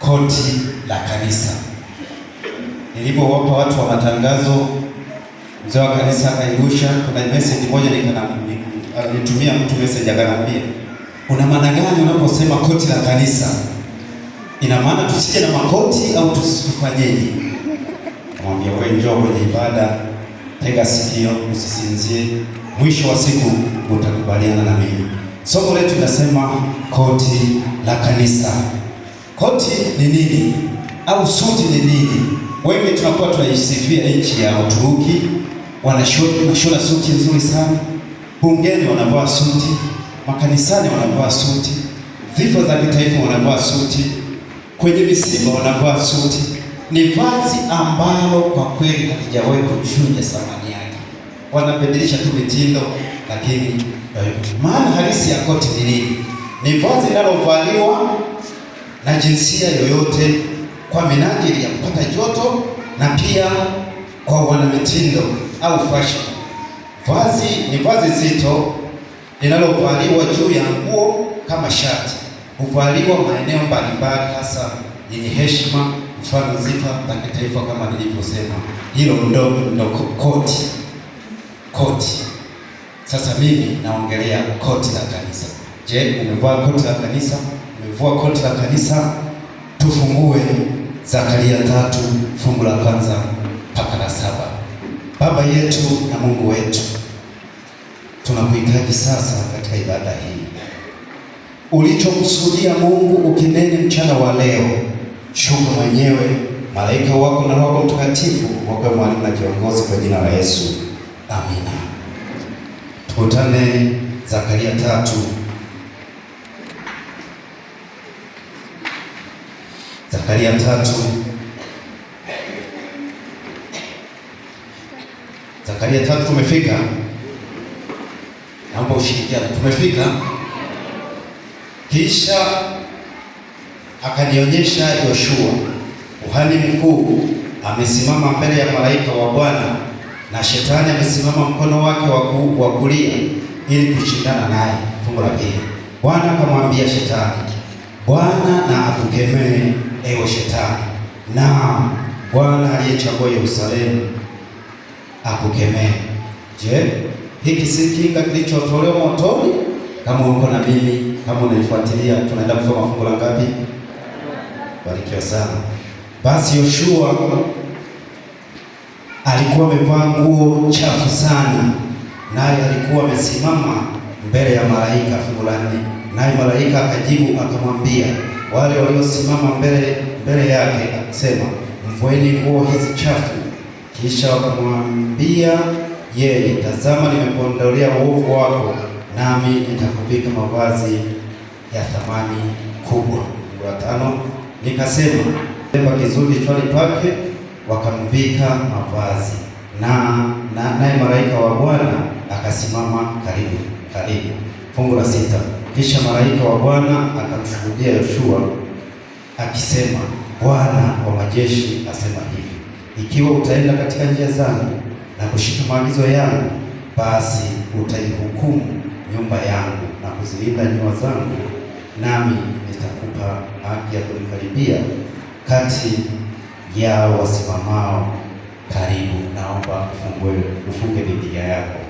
Koti la kanisa nilipowapa watu wa matangazo, mzee wa kanisa akairusha. Kuna message moja nikamtumia mtu message, akanambia una maana gani unaposema koti la kanisa? Ina maana tusije na makoti au tusifanyeje? Mwambia wewe, njoo kwenye ibada, tega sikio, usisinzie, mwisho wa siku utakubaliana na mimi. Somo letu linasema koti la kanisa. Koti ni nini au suti ni nini? Wengi tunakuwa tunaisifia nchi ya Uturuki, wanashona suti nzuri sana, bungeni wanavaa suti, makanisani wanavaa suti, vifo za kitaifa wanavaa suti, kwenye misiba wanavaa suti. Ni vazi ambalo kwa kweli halijawahi kuchunja thamani yake, wanabadilisha tu mitindo lakini maana halisi ya koti ni nini? Ni vazi linalovaliwa na jinsia yoyote kwa minajili ya kupata joto na pia kwa wanamitindo au fashion. Vazi ni vazi zito linalovaliwa juu ya nguo kama shati. Huvaliwa maeneo mbalimbali hasa yenye heshima, mfano zifa za kitaifa kama nilivyosema. Hilo ndo ndo koti. Koti. Sasa mimi naongelea koti la kanisa. Je, umevua koti la kanisa? Umevua koti la kanisa? Tufungue Zakaria tatu fungu la kwanza mpaka la saba. Baba yetu na Mungu wetu, tunakuhitaji sasa katika ibada hii. Ulichokusudia Mungu ukineni mchana wa leo, shuka mwenyewe, malaika wako na Roho Mtakatifu wakuwe mwalimu na kiongozi, kwa jina la Yesu, amina tukutane Zakaria tatu. Zakaria tatu. Zakaria tatu tumefika? Naomba ushirikiane. Tumefika? Kisha akanionyesha Yoshua, kuhani mkuu, amesimama mbele ya malaika wa Bwana na shetani amesimama mkono wake wa kulia ili kushindana naye. Fungu la pili, Bwana akamwambia shetani, Bwana na akukemee ewe shetani, naam Bwana aliyechagua Yerusalemu akukemee. Je, hiki si kinga kilichotolewa motoni? Kama uko na mimi, kama unaifuatilia, tunaenda kusoma fungu la ngapi? Barikiwa sana. Basi Yoshua alikuwa amevaa nguo chafu sana, naye alikuwa amesimama mbele ya malaika fulani, naye malaika akajibu akamwambia wale waliosimama mbele mbele yake akasema, mvueni nguo hizi chafu. Kisha wakamwambia yeye, tazama, nimekuondolea uovu wako, nami nitakuvika mavazi ya thamani kubwa. Wa tano nikasema, kilemba kizuri chwani pake wakamvika mavazi na naye na malaika wa Bwana akasimama karibu karibu. Fungu la sita. Kisha malaika wa Bwana akamshuhudia Yoshua akisema, Bwana wa majeshi asema hivi, ikiwa utaenda katika njia zangu na kushika maagizo yangu, basi utaihukumu nyumba yangu na kuzilinda nyua zangu, nami nitakupa haki ya kuikaribia kati yao wasimamao karibu. Naomba ufungue ufunge Biblia yako.